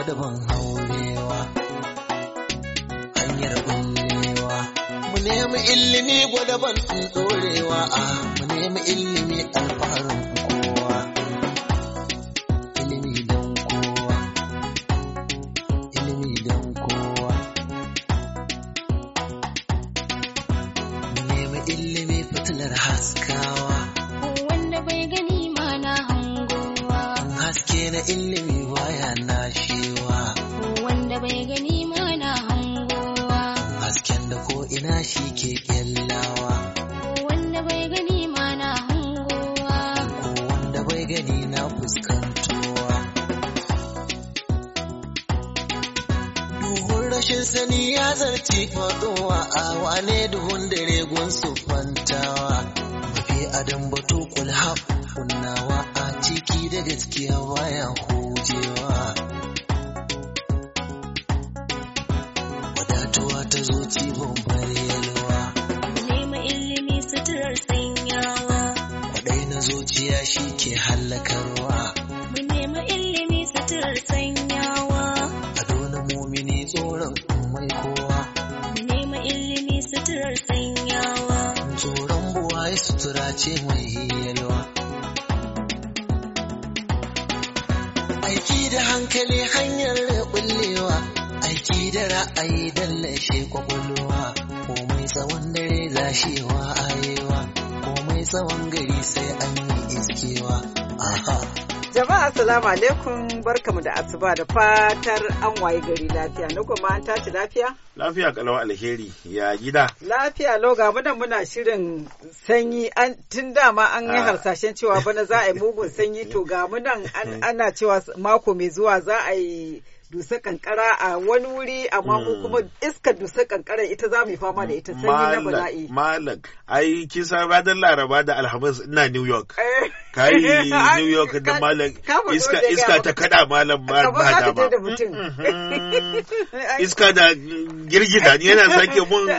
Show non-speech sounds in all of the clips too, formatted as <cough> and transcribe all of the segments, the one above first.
wadda haurewa hanyar bullewa mu nemi ilimi gwada ban dorewa a mu nemi ilimi shi ke hallakarwa. Mu nemi ilimi suturar sanyawa. A dole mumini tsoron mai kowa. Mu nemi ilimi suturar sanyawa. Tsoron buwaye sutura ce mai hiyalwa. Aiki da hankali hanyar kullewa. Aiki da ra'ayi dallashe kwakwalwa. Komai tsawon dare zashewa ayewa. Komai tsawon Jama'a salamu alaikum barkamu da asuba da fatar an waye gari lafiya na kuma an tashi lafiya? Lafiya kalawa alheri ya gida. Lafiya lau ga muna shirin sanyi tun dama an yi ah. harsashen cewa bana za a yi <laughs> mugun sanyi to ga ana cewa mako mai zuwa za a yi Dusa kankara a wani wuri amma mu mm. kuma iskar dusa kankara ita za mu yi fama da ita sanyi na bala'i malak ai kin san ranar laraba da alhamis ina new york eh. kai <laughs> new york da malak iska iska ta kada malam ba da ba iska da mm-hmm. <laughs> girgida ni yana sake mun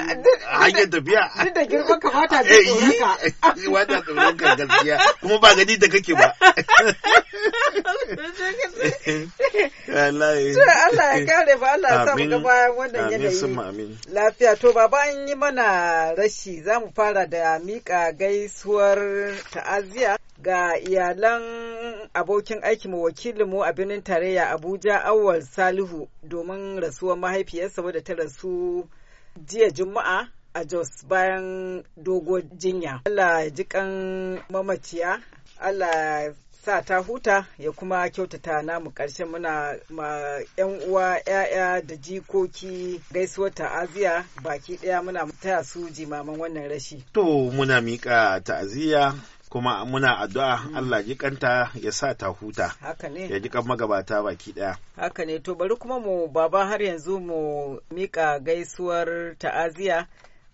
hanyar tafiya <laughs> duk da girman kamata da eh, haka wanda tsoron ka gaskiya kuma ba gadi da kake ba wallahi to Allah ya eh, kare ba Allah ya mu lafiya to ba bayan yi mana rashi za mu fara da mika gaisuwar ta'aziya. ga iyalan abokin aiki wakilin wakilinmu a birnin tarayya Abuja Awwal Salihu domin rasuwar mahaifiyarsa wadda ta rasu jiya Juma'a a Jos bayan dogon jinya. Allah ya ji kan mamaciya, Allah sa ta huta ya kuma kyautata namu ƙarshe muna ma 'yan uwa 'ya'ya da jikoki gaisuwar ta'aziya baki ɗaya muna taya su jimaman wannan rashi. To muna miƙa ta'aziya kuma muna addu'a mm. Allah jikanta ya sa ta huta haka ya jikan magabata baki daya haka ne to bari kuma mu baba har yanzu mu miƙa gaisuwar ta'aziya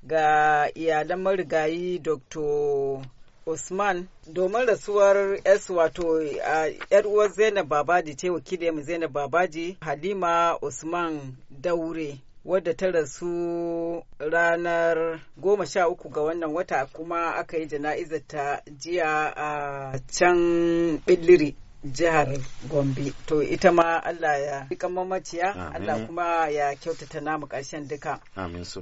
ga iyalan marigayi Dr. Usman domin rasuwar S wato a uwar Zainab Babaji ce wakilin mu Zainab Babaji Halima Usman Daure wadda ta rasu ranar goma sha uku ga wannan wata kuma aka yi jana'izar ta jiya a can Billiri. jihar Gombe. To ita ma Allah ya rika mamaciya, Allah kuma ya kyautata namu ƙarshen duka.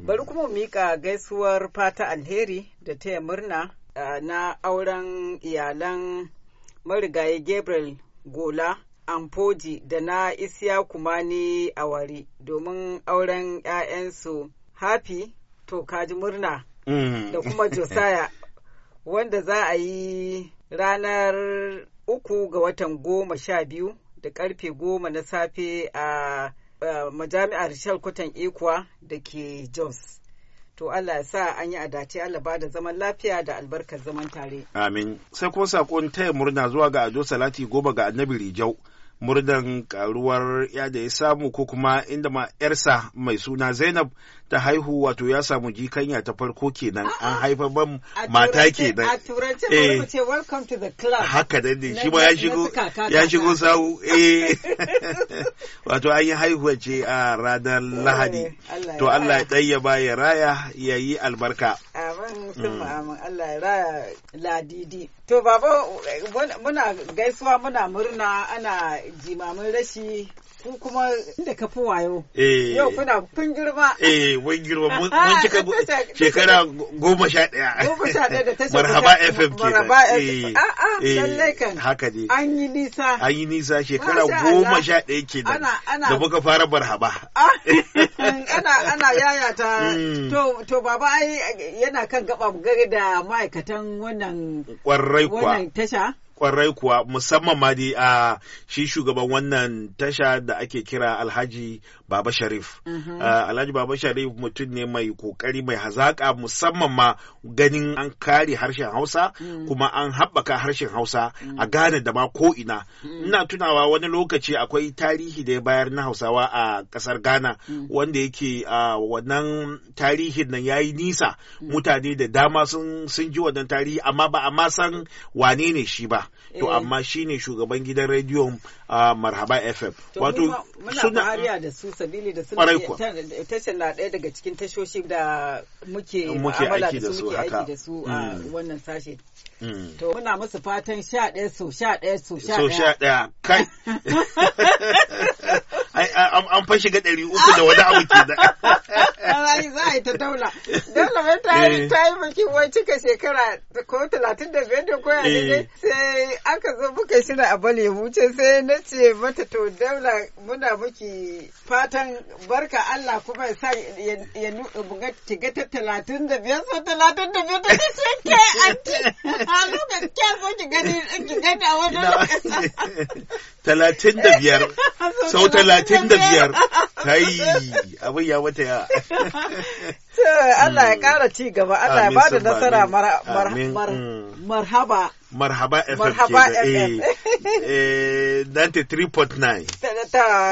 Bari kuma mika gaisuwar fata alheri da taya murna na auren iyalan marigayi gabriel gola amfoji da na isiya kumani awari domin auren 'ya'yansu hafi to kaji murna mm. da kuma josaya <laughs> wanda za a yi ranar uku ga watan goma sha biyu da karfe goma na safe a majami'ar shalkutan Kwatan Ikuwa da ke Jos. to Allah ya sa an yi adace Allah ba da zaman lafiya da albarkar zaman tare. Amin. Sai kuma sakon taya murna zuwa ga Ajo Salati goma ga Annabi Rijau. Murdan karuwar ya da ya samu ko kuma inda ma 'yarsa mai suna Zainab ta haihu wato ya samu jikanya ta farko kenan an ah, haifa ban mata kenan a turance eh. ce welcome to the club haka da ne shi ma ya shigo ya shigo sawu eh <laughs> wato an yi haihuwa ce a ranar eh, lahadi to Allah ya tsayyaba baya raya ya yi albarka mm. amin Allah ya raya ladidi to baba muna gaisuwa muna murna ana jimamin rashi Kun kuma inda ka fi wayo. Eh. Yau kuna kun girma. Eh, mun girma mun cika <laughs> shekara goma sha ɗaya. Goma sha ɗaya da ta Marhaba FM ke Marhaba FM. Eh. A'a, eh, lallai kan. Haka ne. An yi nisa. An yi nisa shekara goma sha ɗaya ke nan. Ana Da muka fara marhaba. Ah, <laughs> ana ana ta. <laughs> Mm. To to baba ai yana kan gaba da ma'aikatan wannan. Ƙwarai kwa. Wannan tasha. kwarai kuwa musamman ma dai a ah, shi shugaban wannan tasha da ake kira alhaji Baba Sharif. Mhm. Ah, Alhaji Baba Sharif mutum ne mai kokari mai hazaƙa musamman ma ganin an kare harshen Hausa mm. kuma an haɓaka harshen Hausa mm. a Ghana da ma ko ina. Mm. Ina tunawa wani lokaci akwai tarihi da ya bayar na Hausawa a ƙasar Ghana wanda yake ah, wannan tarihin nan ya yi nisa mutane da dama sun ji wannan tarihi amma ba a san wane ne shi ba. to eh. amma shine shugaban gidan rediyon marhaba fm wato suna hariya da su sabili da suna tashar na ɗaya daga cikin tashoshi da muke da su muke aiki da su a mm. wannan sashe mm. to muna musu fatan sha ɗaya so sha ɗaya so sha ɗaya kai <laughs> an fashe ga ɗari uku da wani abu ke da. Za a yi ta daula. Daula mai ta yi ta yi maki wai cika shekara ko talatin da biyar da koya ne eh. sai aka zo muka shirya a bale wuce sai na ce mata to daula muna muke fatan barka Allah kuma sa ya buga kiga ta talatin da biyar sa talatin da biyar da ta ce ke anti a lokacin kyan so ki gani a wajen lokacin. <laughs> Talatin da biyar <laughs> sau talatin talatin da biyar kai <laughs> abin ya mata ya <laughs> Allah ya ƙara ci gaba Allah ya ba da nasara mm. marhaba marhaba fm marhaba eh, fm 93.9 eh,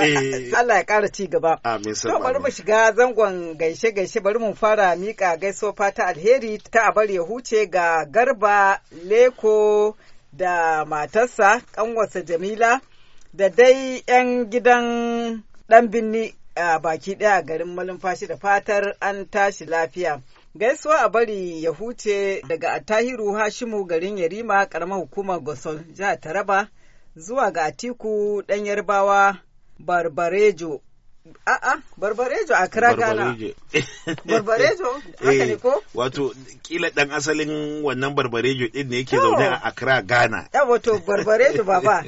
eh. Allah ya ƙara ci gaba amin to bari mu shiga zangon gaishe gaishe bari mu fara miƙa gaiso fata alheri ta abar ya huce ga garba leko da matarsa ƙanwarsa jamila da dai 'yan gidan ɗan binni a baki ɗaya a garin malumfashi da fatar an tashi lafiya. Gaisuwa a bari ya huce daga Attahiru Hashimu garin Yarima ƙaramar hukumar Gosol jihar Taraba zuwa ga Atiku ɗan Yarbawa Barbarejo A'a, barbarejo a kira Ghana. <laughs> Barbarejo, haka ne ko? Eh, wato, kila ɗan asalin wannan barbarejo ɗin ne yake zaune a Accra, Ghana. Ya wato, barbarejo <laughs> baba,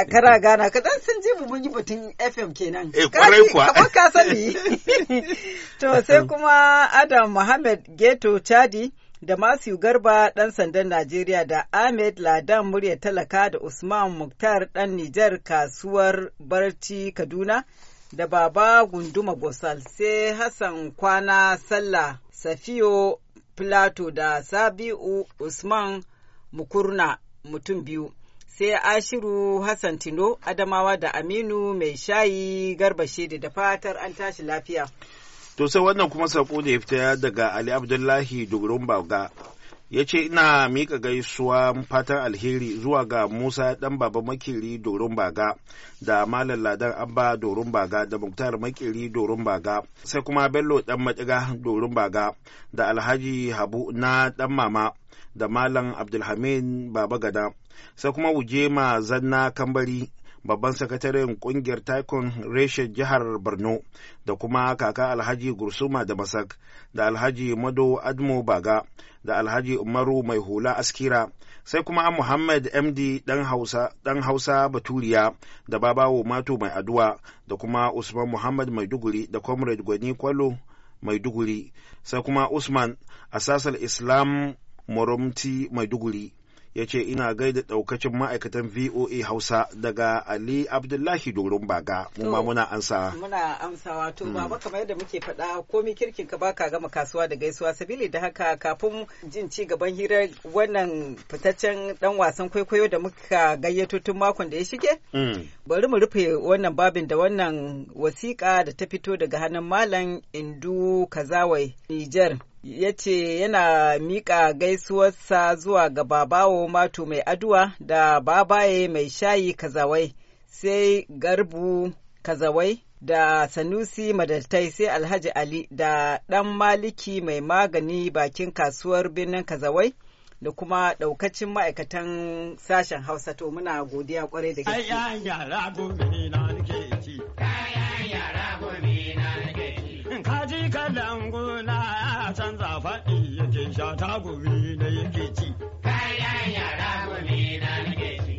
a kira Ghana. Ka dan sun ji mun yi batun FM kenan. Eh, kwarai kuwa. Kamar ka sani. <laughs> to, sai kuma Adam Muhammad, Geto Chadi. da Masu Garba ɗan sandan Najeriya da Ahmed Ladan murya talaka da Usman Muktar ɗan Nijar kasuwar Barci Kaduna da Baba Gunduma Gosal sai Hassan Kwana Sallah Safiyo Plato da Sabi'u Usman Mukurna mutum biyu. Sai Ashiru Hassan Tino Adamawa da Aminu Mai Shayi Garba Shedi da fatar an tashi lafiya. To sai wannan kuma saƙo ne ya fita daga Ali Abdullahi Dogon Bauga ya ce ina miƙa gaisuwa fatan alheri zuwa ga musa ɗan baba makiri doron baga da malam ladar abba doron baga da muktar makiri doron baga sai kuma bello ɗan matiga doron baga da alhaji habu na ɗan mama da malam abdulhamin baba gada sai kuma wuje ma zanna kambari babban sakataren kungiyar taikon reshen jihar borno da kuma kaka alhaji gursuma da masak da alhaji mado admo baga da alhaji umaru mai hula askira sai kuma muhammad md dan hausa baturiya da babawo mato mai aduwa da kuma usman muhammad maiduguri da comrade gwani kwallo maiduguri sai kuma usman asasal islam moromti maiduguri ya ce ina gaida daukacin ma'aikatan voa hausa daga ali abdullahi doron baga mu ma muna ansa muna amsawa to hmm. baba kamar yadda muke faɗa komi kirkin ka baka gama kasuwa da gaisuwa sabili da haka kafin jin ci gaban hirar wannan fitaccen dan wasan kwaikwayo da muka gayyato tun makon da ya shige hmm. bari mu rufe wannan babin da wannan wasiƙa da ta fito daga hannun malam indu kazawai nijar. ya ce yana miƙa gaisuwarsa zuwa ga babawo mato mai aduwa da babaye mai shayi kazawai sai garbu kazawai da sanusi madaltai sai alhaji ali da ɗan maliki mai magani bakin kasuwar birnin kazawai da kuma ɗaukacin ma'aikatan sashen hausa to muna godiya kwarai da gaske. Kudan guna ya canza faɗi yake sha gumi da yake ci. Kayan gumi na nake ci.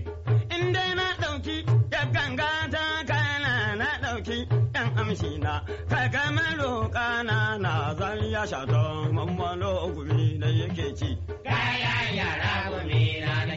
In dai na ɗauki ya ganga ta kana na ɗauki yan amshi na ka kamar kana na zan ya sha ta mammalo gumi da yake ci. Kayan gumi na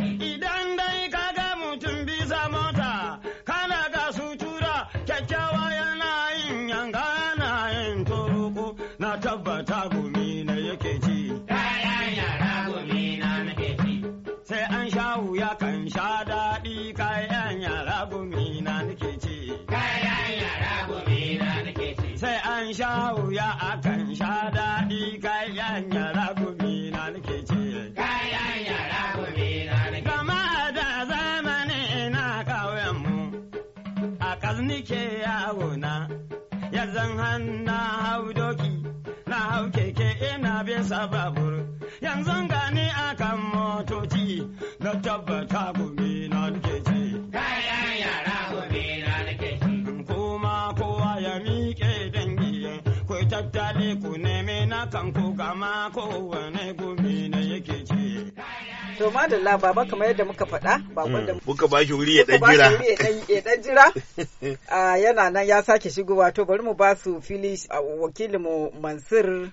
han hau doki na hau keke ina bisa babur yanzu gani akan motoci na tabbata gumi na nake ci yara gumi na kuma kowa ya miƙe dangi ku tattale ku neme na kanku ku kama kowane gumi na yake To madalla baba kamar yadda muka faɗa bakon mm, muka ba shi wuri ya dan jira. Ya dan jira. <laughs> Ah, yana nan ya sake shigowa to bari mu ba su fili ah, mu Mansur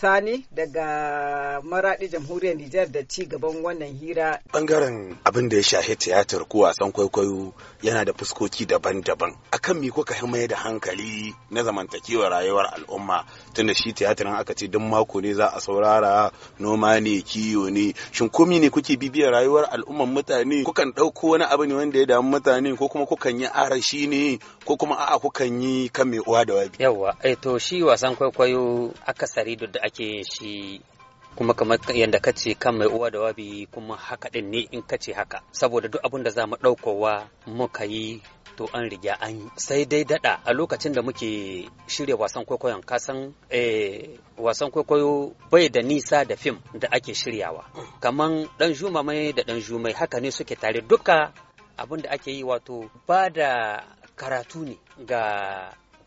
Sani daga Maradi Jamhuriyar Nijar da ci gaban wannan hira. Bangaren abin da ya shahi tiyatar ko wasan kwaikwayo yana da fuskoki daban-daban. Akan me kuka mai da hankali na zamantakewa rayuwar al'umma tunda shi tiyatarin aka ce duk mako ne za a saurara noma ne kiyo ne shin komi ne kuke biya rayuwar al'umman mutane kukan ɗauko wani abu ne wanda ya damu mutane ko kuma kukan yi arashi ne ko kuma a'a kukan yi kan mai uwa da wabi. Yawwa, ai eh to shi wasan kwaikwayo akasari da ake yin shi kuma kamar yadda ka ce kan mai uwa da wabi kuma haka din ne in ka ce haka saboda duk abin da za mu ɗaukowa muka yi to an riga an yi sai dai daɗa a lokacin da muke shirya wasan kwaikwayon kasan eh, wasan kwaikwayo bai da nisa da fim da ake shiryawa kaman dan juma mai da dan mai haka ne suke tare duka abin da ake yi wato ba da karatu ne ga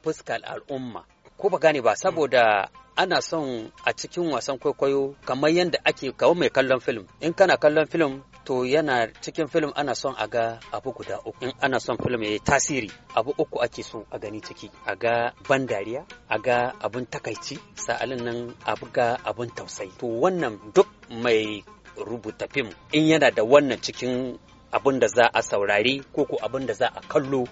fuskar al'umma ko ba gane ba saboda ana son a cikin wasan kwaikwayo kamar yadda ake kawo mai kallon film in kana kallon film to yana cikin film ana son a ga abu guda uku in ana son film ya yi tasiri abu uku ake so a gani ciki a ga ban dariya a ga abun takaici sa'alin nan a buga abun tausayi to wannan duk mai rubuta fim in yana da wannan cikin abin da za a saurari ko ko abin da za a kallo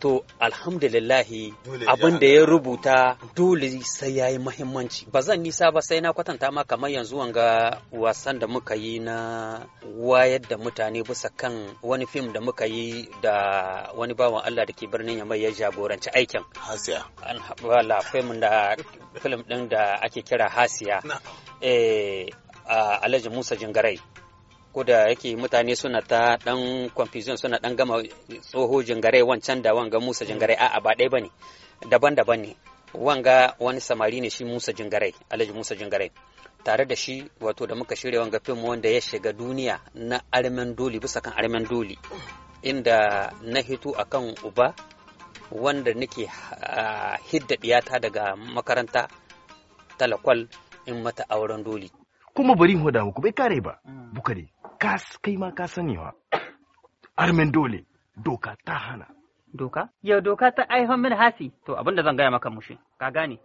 to alhamdulillahi abin da ya rubuta dole sai ya yi mahimmanci ba zan nisa ba sai na kwatanta ma kamar yanzu wanga wasan da muka yi na wayar da mutane bisa kan wani fim da muka yi da wani bawan Allah da ke birnin yamai ya jagoranci aikin hasiya fim da film din da ake kira hasiya eh Alhaji Musa Jingarai ko da yake mutane suna ta dan confusion suna dan gama tsoho jingare wancan da wanga musa jingare a'a ba ɗaya bane daban-daban ne wanga wani samari ne shi musa jingare alhaji musa jingare tare da shi wato da muka shirya wanga fim wanda ya shiga duniya na armen doli bisa kan armen doli inda na hito akan uba wanda nake ah, hidda diyata daga makaranta talakwal in mata auren doli kuma bari hoda muku bai kare ba mm. bukari kai ma ka sani wa armen dole doka ta hana doka yau doka ta aihon min hasi to abin da zan gaya maka mushi ka gane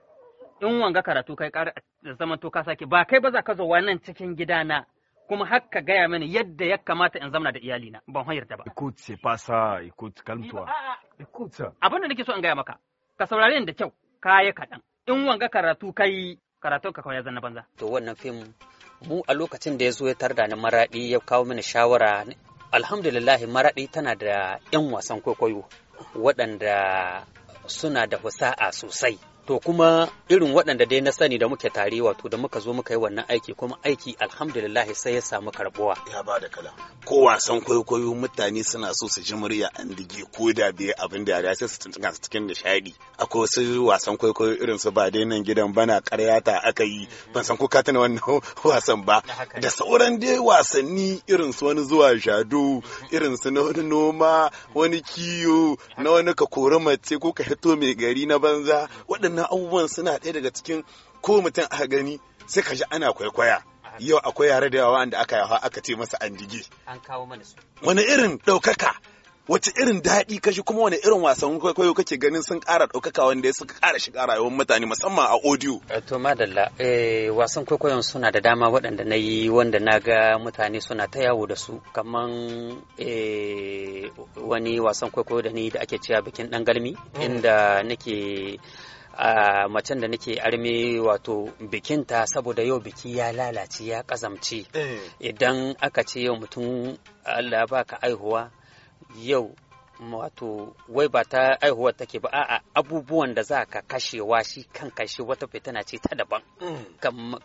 in wanga karatu kai ƙara da zaman to ka sake ba kai ba za ka zo wannan cikin gidana kuma har ka gaya mini yadda ya kamata in zamana da iyalina ban hanyar da ba écoute c'est pas ça écoute calme-toi écoute abin da nake so in gaya maka ka saurare ni da kyau kaya kaɗan in wanga karatu kai karatun ka kawai ya zanna banza to wannan fim mu a lokacin da ya zo ya tarda ni maraɗi ya kawo mini shawara alhamdulillah maraɗi tana da 'yan wasan kwaikwayo waɗanda suna da husa'a sosai to kuma irin waɗanda dai na sani da muke tare wato da muka zo muka yi wannan aiki kuma aiki alhamdulillah sai ya samu karbuwa ya ba da kala ko wasan kwaikwayo mutane suna so su ji murya an dige ko da bai abin da ya sai su tuntuna su cikin nishadi akwai wasu wasan kwaikwayo irin su ba dai nan gidan bana karyata aka yi mm-hmm. ban san ko ka tana wannan <laughs> wasan ba da sauran dai wasanni irin su wani zuwa Jado, mm-hmm. irin su na wani noma wani kiyo na wani ka kori mace ko ka hito mai gari na banza waɗannan na abubuwan suna ɗaya daga cikin ko mutum aka gani sai ka ji ana kwaikwaya yau akwai yare da yawa da aka yawa aka ce masa an dige an kawo mana su wani irin ɗaukaka wace irin daɗi kashi kuma wani irin wasan kwaikwayo kake ganin sun ƙara ɗaukaka wanda ya suka ƙara shiga rayuwar mutane musamman a audio. Eh, to madalla eh, wasan kwaikwayon suna da dama waɗanda na yi wanda na ga mutane suna ta yawo da su kamar eh, wani wasan kwaikwayo da ni da ake cewa bikin ɗan galmi mm. inda nake a macen da nake armi wato bikinta saboda yau biki ya lalace ya kazamci. Eh. idan aka ce yau mutum Allah baka aihuwa yau wato wai ba ta aihuwar take ba a'a abubuwan da za ka kashewa shi kan kashe wata fitina ce ta daban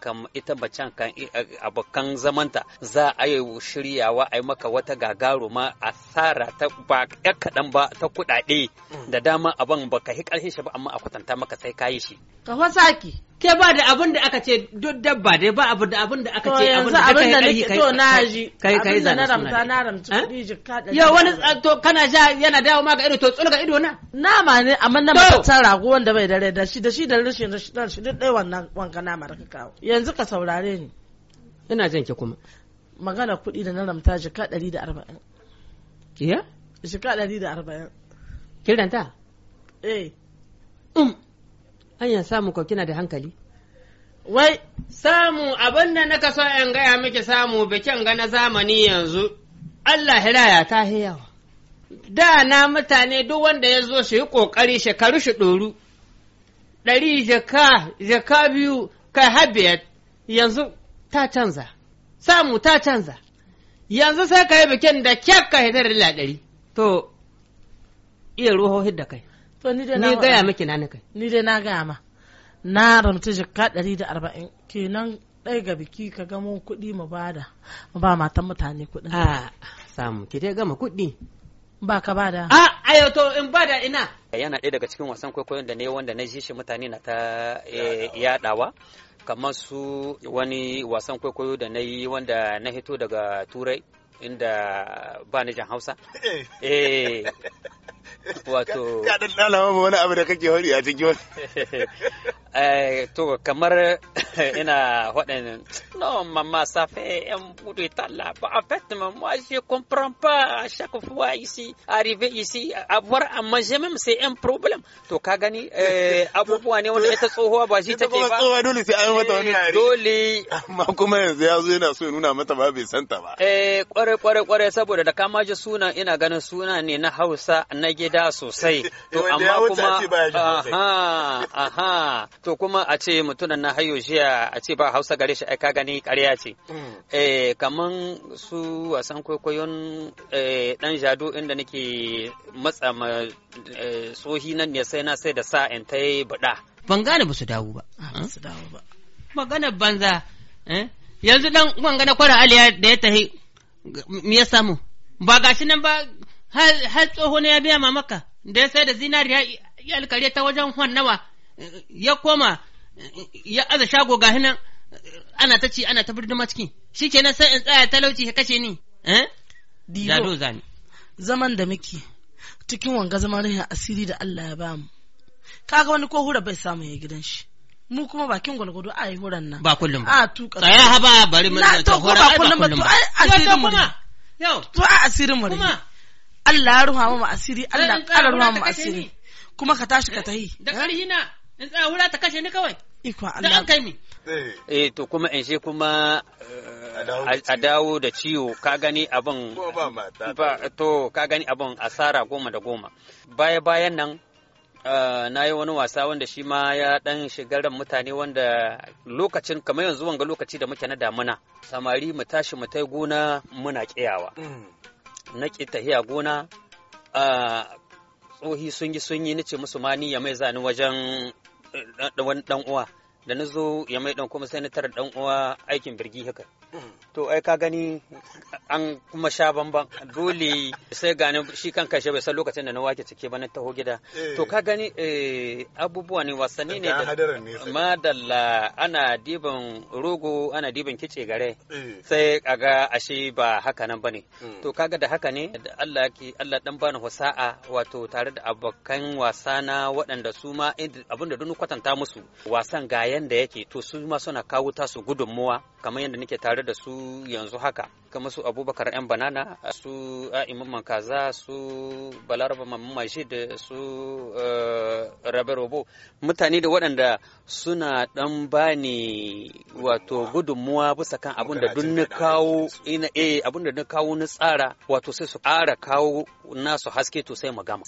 kam ita macen kan abokan zamanta za a yi shiryawa a yi maka wata gagaruma tsara ta ba ya kaɗan ba ta kuɗaɗe da dama abin ba ka hi ƙarfin shi ba amma a kwatanta maka sai ka yi shi ka ki. ke ba da abin da aka ce duk dabba dai ba abin da abin da aka ce abin da aka yi kai to na ji kai kai za na ramta na ramci kudi jikka da yo wani to kana ja yana dawo ma ga ido to tsulga ido na na ma ne amma na ta rago wanda bai dare da shi da shi da rashin da shi da shi duk dai wannan wanka na da ka kawo yanzu ka saurare ni ina jin ki kuma magana kudi da na ramta ji ka 140 kiya ka 140 kiranta eh um hanyar samu ko kina da hankali wai samu abin da na kaso ‘yan gaya miki samu bikin ga na zamani yanzu Allah hiraya ta yawa da na mutane duk wanda ya zo shi yi ƙoƙari shekaru shi ɗoru ɗari jaka jaka biyu kai habiyar yanzu ta canza samu ta canza yanzu sai ka yi bikin da kyakka hitar da ɗari to iya ruhohin da kai to ni dai na gaya miki na kai ni dai na gaya ma na ramta jikka ɗari da arba'in kenan ɗaya ga biki ka gamo kuɗi mu bada mu ba matan mutane kuɗi. a samu ki dai gama kuɗi ba ka bada a ayo to in bada ina yana ɗaya daga cikin wasan kwaikwayon da ne wanda na ji shi mutane na ta eh, yaɗawa kamar su wani wasan kwaikwayo da na yi wanda na hito daga turai inda ba ni jan hausa eh, eh. wato ka dan lalama wani abu da kake hori a cikin wani <laughs> eh, to kamar <laughs> ina waɗannan non maman ça fait un bout de temps là en fait moi je comprends pas à chaque fois ici arriver ici avoir à manger même c'est un problème to ka gani eh, abubuwa ne wanda ita tsohuwa ba shi take ba tsohuwa dole sai an mata wani yare eh, dole amma kuma yanzu ya zo yana so nuna mata ba bai santa ba eh kware kware kware saboda da kama ji suna ina ganin suna ne na Hausa na gida sosai <laughs> to amma kuma aha aha to kuma a ce mutunan na hayo shi jiya a ce ba hausa gare shi aika ka gani ƙarya ce Kamar mm. eh, kaman su wasan kwaikwayon dan eh, jado inda nake matsa ma eh, tsohi nan ne sai na sai da sa in ta yi buɗa ban gane ba su dawo ba ah, su dawo ba magana banza yanzu dan wanga na kwara aliya da ya tahi me ya samu ba gashi nan ba har tsoho ne ya biya mamaka da ya sai da zinariya ya alkare ta wajen hannawa ya koma ya aza shago ga hinan ana ta ci ana ta birnima ciki shi kenan sai in tsaya talauci ya kashe ni eh? zaman da muke cikin wanga zaman rahin asiri da Allah ya bamu kaga wani ko hura bai samu ya gidan shi mu kuma bakin gwalgwado a yi huran nan ba kullum ba a tuka tsaya haba bari mu ta hura ba kullum ba to ai asirin mu yau to a asirin mu kuma Allah ya ruha mu asiri Allah ya ruha mu asiri kuma ka tashi ka tahi da eh? na in tsaya wura ta kashe ni kawai iko Allah an kai ni eh, eh to kuma in she kuma eh, a dawo da ciwo ka gani abin ba to ka gani abin asara goma da goma baya bayan nan eh, na yi wani wasa wanda shi ma ya dan shigar mutane wanda lokacin kamar yanzu wanga lokaci da muke na damuna samari mu tashi mu tai gona muna kiyawa mm. na ki tahiya gona tsohi sun yi sun yi nace musu mani ya mai zani wajen wani dan uwa da na zo ya mai dan kuma sai na tara dan uwa aikin birgi haka mm. to ai ka gani an kuma sha bamban dole sai gani shi kan kashe bai san lokacin da na wake cike ba na taho gida eh. to ka gani eh, abubuwa ne wasanni ne madalla ana diban rogo ana diban kice gare eh. sai kaga ashe ba haka nan bane hmm. to kaga da haka ne da Allah ki Allah dan bani wasa'a wato tare da abokan wasa na waɗanda su ma abinda duk kwatanta musu wasan ga yanda yake to su ma suna kawo tasu gudunmuwa kamar yadda nake tare da su yanzu haka kamar su abubakar yan banana su a'imin mankaza su balaraba mamashi da su eh, rabe robo mutane da waɗanda suna ɗan bani wato gudunmuwa bisa kan abinda da na kawo ina eh abinda dunni kawo na tsara wato sai su ƙara kawo nasu haske to sai magama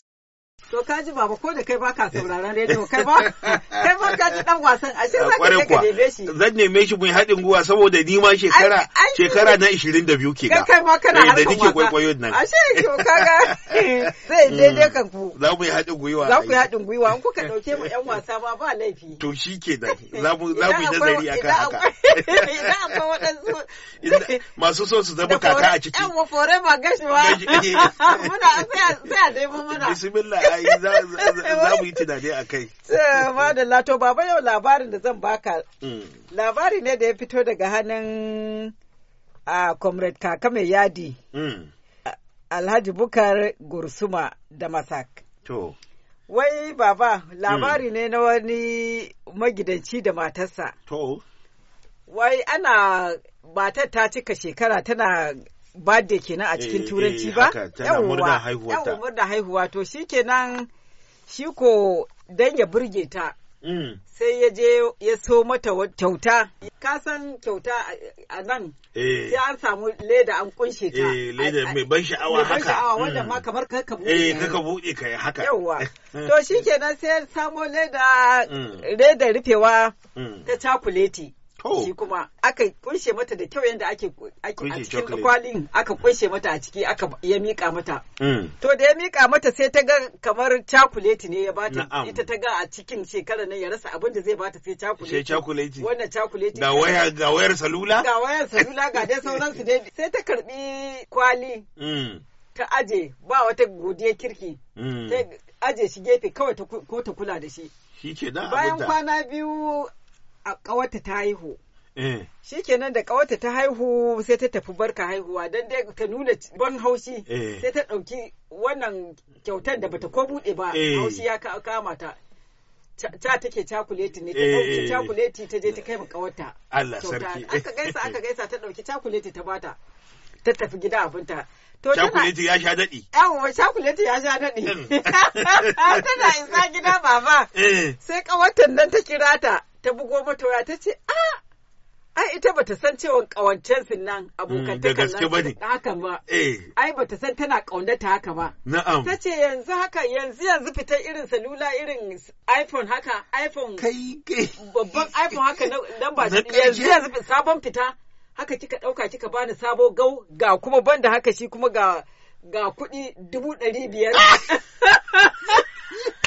To ka ji baba ko da kai ba ka sauraron rediyo kai ba <laughs> kai ba ka ji dan wasan ashe za ka je ka neme shi. Zan neme shi mai haɗin guwa saboda ni ma shekara shekara na 22 ke ga. Kai ma kana eh, harkar wasa. Da nake kwaikwayo nan. Ashe to kaga <laughs> dai daidai kan ku. Za mu yi haɗin gwiwa. Za ku yi haɗin gwiwa in kuka dauke mu ƴan wasa ba ba laifi. To shi ke da za mu za mu yi nazari akan haka. <laughs> Idan akwai waɗansu. Masu so su zama kaka a ciki. Yan mu fore ma gashi ba. Muna sai a dai mu muna. Bismillah za <laughs> mu yi tunani a kai. da lato baba yau labarin da zan baka. Mm. Labari ne da ya fito daga hannun a comrade kaka mai yadi. Mm. Alhaji Bukar Gursuma da Masak. To. Wai baba labari mm. ne na wani magidanci da matarsa. To. Wai ana matar ta cika shekara tana birthday kenan a cikin eh, turanci eh, ba yawwa yawwa murna haihuwa to shi kenan shi ko dan ya burge ta mm. sai ya je ya so mata kyauta ka san kyauta a nan eh. sai an samu leda an kunshe ta leda mai ban sha'awa haka mai ban sha'awa wanda mm. ma kamar ka ka buɗe ka ka buɗe ka yi haka yawwa <laughs> to shikenan sai samo leda mm. leda rufewa ta cakuleti Oh. shi kuma aka kunshe mata da kyau yadda ake a cikin kwalin aka kunshe mata a ciki aka ya mika mata mm. to da ya mika mata sai ta ga kamar cakuleti ne ya bata ita ta ga a cikin shekarar nan ya rasa abin da zai bata sai cakuleti sai cakuleti wannan cakuleti ga waya ga wayar salula ga wayar salula ga dai su dai <laughs> sai ta karbi kwali mm. ta aje ba wata godiya kirki mm. ta aje shi gefe kawai ko ta kula da shi shi ke da bayan kwana biyu ƙawarta ta haihu. Eh. Shi kenan da ƙawarta ta haihu sai ta tafi barka haihuwa don dai ta nuna ban haushi eh. sai ta ɗauki wannan kyautar da bata ko buɗe ba eh. haushi ya kama ta. ta take cakuleti ne ta ɗauki cakuleti ta je ta kai ma ƙawarta. Allah sarki. Aka gaisa aka gaisa ta ɗauki cakuleti ta bata. ta tafi gida abinta. Cakuleti ya sha daɗi. Yawon cakuleti ya sha daɗi. Hmm. <laughs> Tana isa gida baba. Sai ƙawartan nan ta kira ta. ta bugo mata waya ta ce a ah, ai ita bata san cewa kawancen su nan abokantakan mm, nan haka ba eh. ai bata san tana ta haka ba na'am ce yanzu haka yanzu yanzu fitar irin salula irin iPhone haka iPhone kai babban iPhone haka nan ba yanzu yanzu sabon fita haka kika dauka kika bani sabo gau ga kuma banda haka shi kuma ga ga kuɗi dubu ɗari biyar <laughs> <laughs>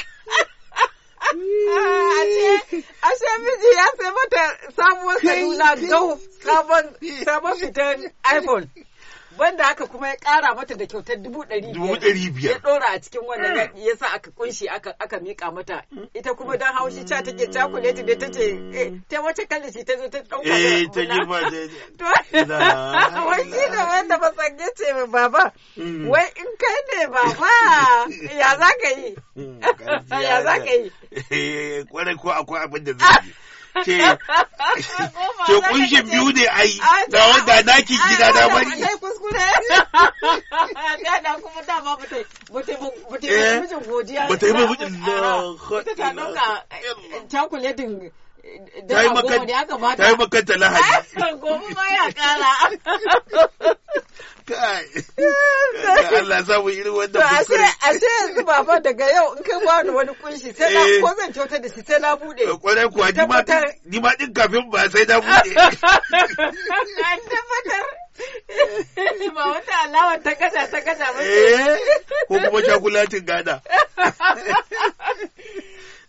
Ashe miji ya sai mata sabuwar salula don sabon fitan iPhone. Wanda aka kuma ya kara mata da kyautar dubu ɗari biyar ya ɗora a cikin wannan mm. ya sa aka kunshi aka mika mata ita kuma don haushi ca take cakuleti da ce. Eh, ta wace kalishi ta zo ta ɗauka eh, da ta girma <laughs> ta wai shi da wanda ba sange ce ba baba mm. wai in kai ne baba ya za ka yi mm, <laughs> ya za ka yi <laughs> eh, kwarai ko akwai abin da zai yi ce kunshin biyu ne ai ga wanda naki gida na bari ai kuskure da <laughs> da kuma da ba mutai mutai mutai mijin godiya mutai mijin ta eh, eh, ta yi makanta lahadi. <laughs> Gobe ma ya kara. Kai, Allah za mu irin wanda A Ashe yanzu baba daga yau in kai bani wani kunshi sai na eh. ko zan kyauta da shi sai na bude. Kwarai kuwa ni ma din kafin ba sai na bude. A <laughs> tabbatar. <laughs> Ba wata alawar ta kasa ta kasa ba. Eh, ko kuma shakulatin gada.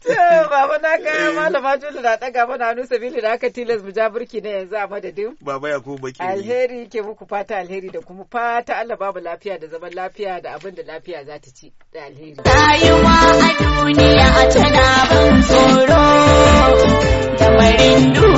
Baba na ga malama Jula na ɗaga mana hannu sabili da aka tilas mu ja burki na yanzu a madadin. Baba ya baki. Alheri ke muku fata alheri da kuma fata Allah babu lafiya da zaman lafiya da abin da lafiya za ta ci da alheri. Rayuwa a duniya tana ban tsoro da marin